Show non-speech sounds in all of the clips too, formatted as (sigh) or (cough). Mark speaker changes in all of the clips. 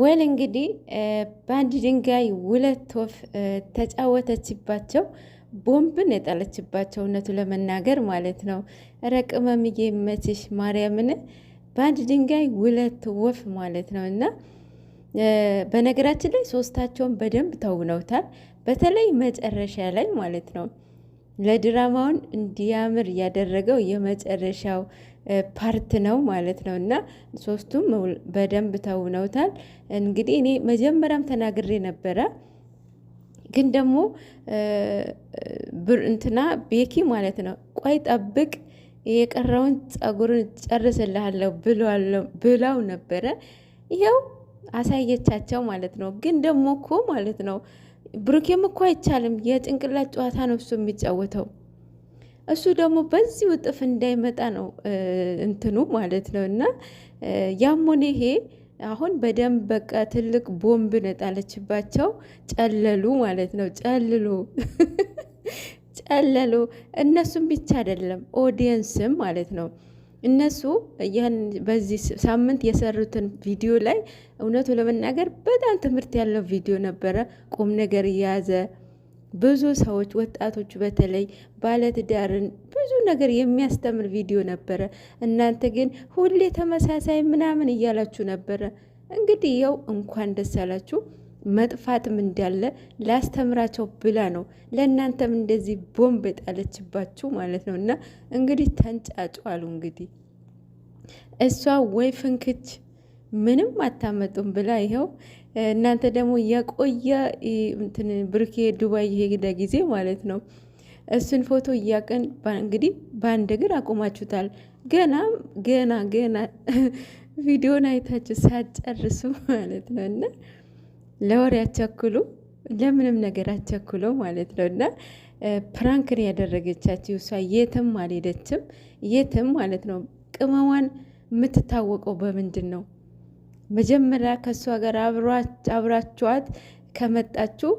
Speaker 1: ወል እንግዲህ በአንድ ድንጋይ ሁለት ወፍ ተጫወተችባቸው፣ ቦምብን የጣለችባቸው እውነቱ ለመናገር ማለት ነው። ኧረ ቅመምዬ መችሽ ማርያምን በአንድ ድንጋይ ሁለት ወፍ ማለት ነው። እና በነገራችን ላይ ሶስታቸውን በደንብ ተውነውታል። በተለይ መጨረሻ ላይ ማለት ነው። ለድራማውን እንዲያምር ያደረገው የመጨረሻው ፓርት ነው ማለት ነው። እና ሶስቱም በደንብ ተውነውታል። እንግዲህ እኔ መጀመሪያም ተናግሬ ነበረ ግን ደግሞ እንትና ቤኪ ማለት ነው ቆይ ጠብቅ የቀረውን ጸጉርን ጨርስልሃለሁ ብላው ነበረ። ይኸው አሳየቻቸው ማለት ነው። ግን ደግሞ እኮ ማለት ነው ብሩኬም እኮ አይቻልም። የጭንቅላት ጨዋታ ነው እሱ የሚጫወተው። እሱ ደግሞ በዚህ ውጥፍ እንዳይመጣ ነው እንትኑ ማለት ነው። እና ሆነ ይሄ አሁን በደንብ በቃ ትልቅ ቦምብ ነጣለችባቸው። ጨለሉ ማለት ነው። ጨልሉ ጨለሉ። እነሱም ብቻ አይደለም ኦዲየንስም ማለት ነው። እነሱ ይህን በዚህ ሳምንት የሰሩትን ቪዲዮ ላይ እውነቱ ለመናገር በጣም ትምህርት ያለው ቪዲዮ ነበረ። ቁም ነገር የያዘ ብዙ ሰዎች ወጣቶች በተለይ ባለትዳርን ብዙ ነገር የሚያስተምር ቪዲዮ ነበረ። እናንተ ግን ሁሌ ተመሳሳይ ምናምን እያላችሁ ነበረ። እንግዲህ ያው እንኳን ደስ አላችሁ። መጥፋትም እንዳለ ላስተምራቸው ብላ ነው ለእናንተም እንደዚህ ቦምብ የጣለችባችሁ ማለት ነው። እና እንግዲህ ተንጫጩ አሉ እንግዲህ እሷ ወይ ፍንክች ምንም አታመጡም ብላ ይኸው እናንተ ደግሞ የቆየ እንትን ብሩኬ ዱባይ የሄደ ጊዜ ማለት ነው። እሱን ፎቶ እያቀን እንግዲህ በአንድ እግር አቁማችሁታል። ገና ገና ገና (laughs) ቪዲዮን አይታችሁ ሳጨርሱ ማለት ነው። እና ለወሬ አቸኩሉ፣ ለምንም ነገር አቸኩሎ ማለት ነው። እና ፕራንክን ያደረገቻችሁ እሷ የትም አልሄደችም፣ የትም ማለት ነው። ቅመሟን የምትታወቀው በምንድን ነው? መጀመሪያ ከእሷ ጋር አብራችኋት ከመጣችሁ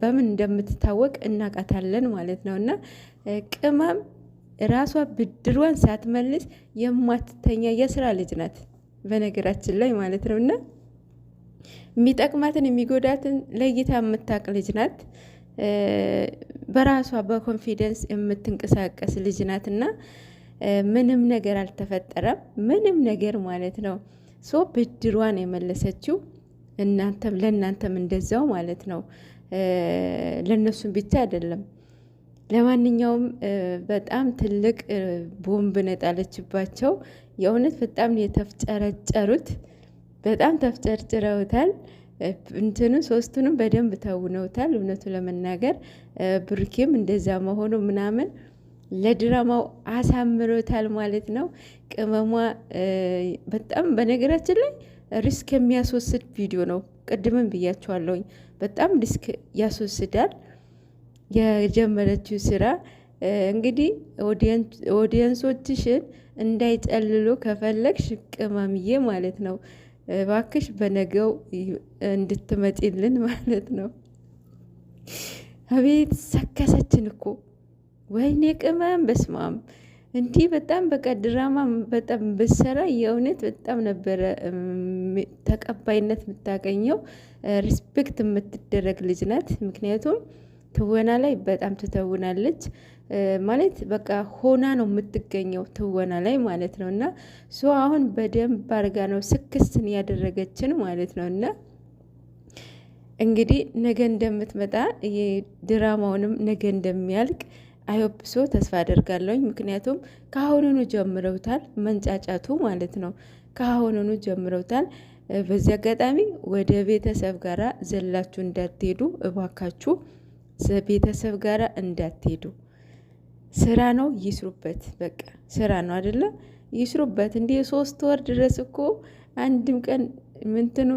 Speaker 1: በምን እንደምትታወቅ እናውቃታለን ማለት ነው። እና ቅመም ራሷ ብድሯን ሳትመልስ የማትተኛ የስራ ልጅ ናት በነገራችን ላይ ማለት ነው። እና የሚጠቅማትን የሚጎዳትን ለይታ የምታውቅ ልጅ ናት። በራሷ በኮንፊደንስ የምትንቀሳቀስ ልጅ ናት እና ምንም ነገር አልተፈጠረም። ምንም ነገር ማለት ነው። ሶ ብድሯን የመለሰችው እናንተም ለእናንተም እንደዛው ማለት ነው። ለእነሱም ብቻ አይደለም። ለማንኛውም በጣም ትልቅ ቦምብ ነጣለችባቸው። የእውነት በጣም የተፍጨረጨሩት በጣም ተፍጨርጭረውታል። እንትኑ ሶስቱንም በደንብ ተውነውታል። እውነቱ ለመናገር ብሩኬም እንደዛ መሆኑ ምናምን ለድራማው አሳምሮታል ማለት ነው። ቅመሟ በጣም በነገራችን ላይ ሪስክ የሚያስወስድ ቪዲዮ ነው። ቅድምም ብያቸዋለሁኝ። በጣም ሪስክ ያስወስዳል። የጀመረችው ስራ እንግዲህ ኦዲየንሶችሽን እንዳይጨልሉ ከፈለግሽ ቅመምዬ ማለት ነው ባክሽ በነገው እንድትመጪልን ማለት ነው። አቤት ሰከሰችን እኮ ወይኔ ቅመም በስማም እንዲህ በጣም በቃ ድራማ በጣም ብሰራ የእውነት በጣም ነበረ ተቀባይነት የምታገኘው ሪስፔክት የምትደረግ ልጅ ናት። ምክንያቱም ትወና ላይ በጣም ትተውናለች ማለት በቃ ሆና ነው የምትገኘው ትወና ላይ ማለት ነው። እና ሶ አሁን በደንብ አርጋ ነው ስክስትን ያደረገችን ማለት ነው እና እንግዲህ ነገ እንደምትመጣ ድራማውንም ነገ እንደሚያልቅ አይወብሶ ተስፋ አደርጋለሁኝ። ምክንያቱም ከአሁኑኑ ጀምረውታል መንጫጫቱ ማለት ነው። ከአሁኑኑ ጀምረውታል። በዚህ አጋጣሚ ወደ ቤተሰብ ጋር ዘላችሁ እንዳትሄዱ እባካችሁ፣ ቤተሰብ ጋር እንዳትሄዱ። ስራ ነው ይስሩበት። በቃ ስራ ነው አይደለ? ይስሩበት። እንዲህ የሶስት ወር ድረስ እኮ አንድም ቀን ምንትኑ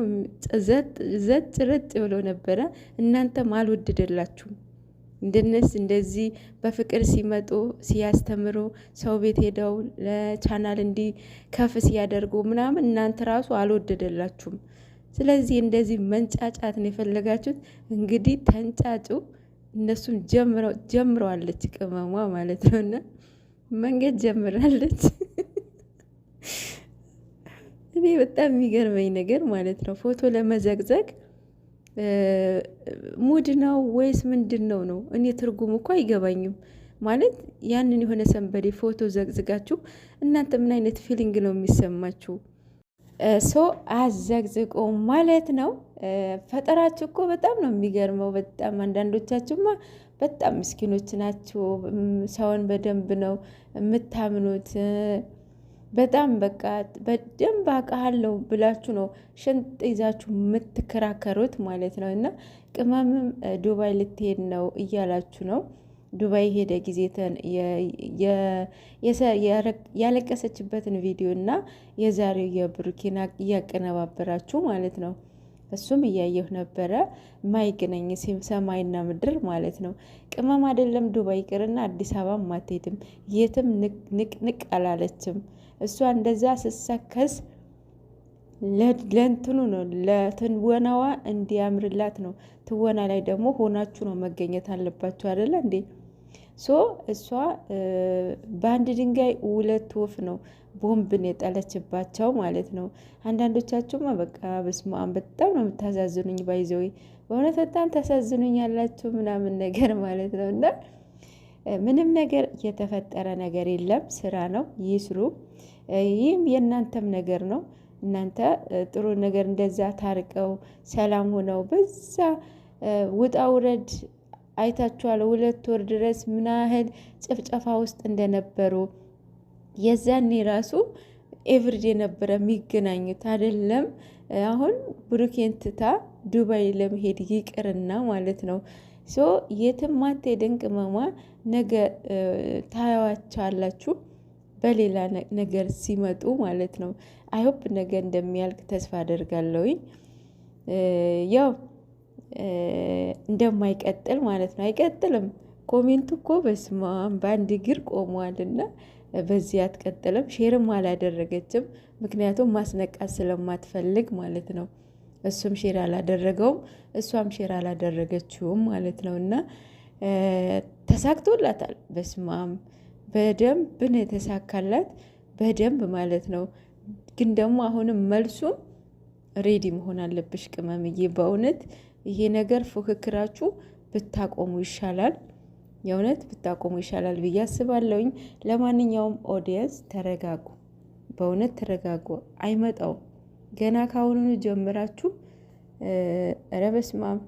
Speaker 1: ዘጥ ረጭ ብሎ ነበረ። እናንተም አልወደደላችሁም። እንድንስ እንደዚህ በፍቅር ሲመጡ ሲያስተምሩ ሰው ቤት ሄደው ለቻናል እንዲ ከፍ ሲያደርጉ ምናምን እናንተ ራሱ አልወደደላችሁም። ስለዚህ እንደዚህ መንጫጫት ነው የፈለጋችሁት። እንግዲህ ተንጫጩ። እነሱም ጀምረዋለች ቅመሟ ማለት ነው እና መንገድ ጀምራለች። እኔ በጣም የሚገርመኝ ነገር ማለት ነው ፎቶ ለመዘግዘግ ሙድ ነው ወይስ ምንድን ነው ነው? እኔ ትርጉሙ እኮ አይገባኝም። ማለት ያንን የሆነ ሰንበዴ ፎቶ ዘግዝጋችሁ እናንተ ምን አይነት ፊሊንግ ነው የሚሰማችሁ? ሶ አዘግዝቆ ማለት ነው። ፈጠራችሁ እኮ በጣም ነው የሚገርመው። በጣም አንዳንዶቻችሁማ በጣም ምስኪኖች ናችሁ። ሰውን በደንብ ነው የምታምኑት። በጣም በቃ በደንብ አውቃለሁ ብላችሁ ነው ሽንጥ ይዛችሁ የምትከራከሩት ማለት ነው። እና ቅመምም ዱባይ ልትሄድ ነው እያላችሁ ነው። ዱባይ ሄደ ጊዜ ያለቀሰችበትን ቪዲዮ እና የዛሬው የብሩኬን እያቀነባበራችሁ ማለት ነው። እሱም እያየሁ ነበረ። ማይገናኝ ሰማይና ምድር ማለት ነው። ቅመም አይደለም ዱባይ ይቅርና አዲስ አበባ ማትሄድም የትም ንቅንቅ አላለችም። እሷ እንደዛ ስሰከስ ለእንትኑ ነው ለትወናዋ እንዲያምርላት ነው። ትወና ላይ ደግሞ ሆናችሁ ነው መገኘት አለባችሁ አደለ እንዴ? ሶ እሷ በአንድ ድንጋይ ሁለት ወፍ ነው ቦምብን የጠለችባቸው ማለት ነው። አንዳንዶቻችሁማ በቃ በስማን በጣም ነው የምታሳዝኑኝ። ባይዘወይ በእውነት በጣም ታሳዝኑኝ ያላችሁ ምናምን ነገር ማለት ነው። እና ምንም ነገር የተፈጠረ ነገር የለም። ስራ ነው ይስሩ። ይህም የእናንተም ነገር ነው። እናንተ ጥሩ ነገር እንደዛ ታርቀው ሰላም ሆነው በዛ ውጣ ውረድ አይታችኋል። ሁለት ወር ድረስ ምን ያህል ጭፍጨፋ ውስጥ እንደነበሩ የዛኔ ራሱ ኤቭሪዴ ነበረ የሚገናኙት አይደለም። አሁን ብሩኬን ትታ ዱባይ ለመሄድ ይቅርና ማለት ነው። ሶ የትም ድንቅ መማ ነገ ታያዋቸዋላችሁ በሌላ ነገር ሲመጡ ማለት ነው። አይሆፕ ነገ እንደሚያልቅ ተስፋ አደርጋለሁኝ ያው እንደማይቀጥል ማለት ነው። አይቀጥልም። ኮሜንት እኮ በስመ አብ በአንድ እግር ቆሟልና በዚህ አትቀጥልም። ሼርም አላደረገችም፣ ምክንያቱም ማስነቃት ስለማትፈልግ ማለት ነው። እሱም ሼር አላደረገውም፣ እሷም ሼር አላደረገችውም ማለት ነው። እና ተሳክቶላታል። በስመ አብ በደንብ ነው የተሳካላት፣ በደንብ ማለት ነው። ግን ደግሞ አሁንም መልሱም ሬዲ መሆን አለብሽ ቅመምዬ በእውነት ይሄ ነገር ፉክክራችሁ ብታቆሙ ይሻላል፣ የእውነት ብታቆሙ ይሻላል ብዬ አስባለሁኝ። ለማንኛውም ኦዲየንስ ተረጋጉ፣ በእውነት ተረጋጉ። አይመጣውም ገና ካሁኑ ጀምራችሁ ረበስማም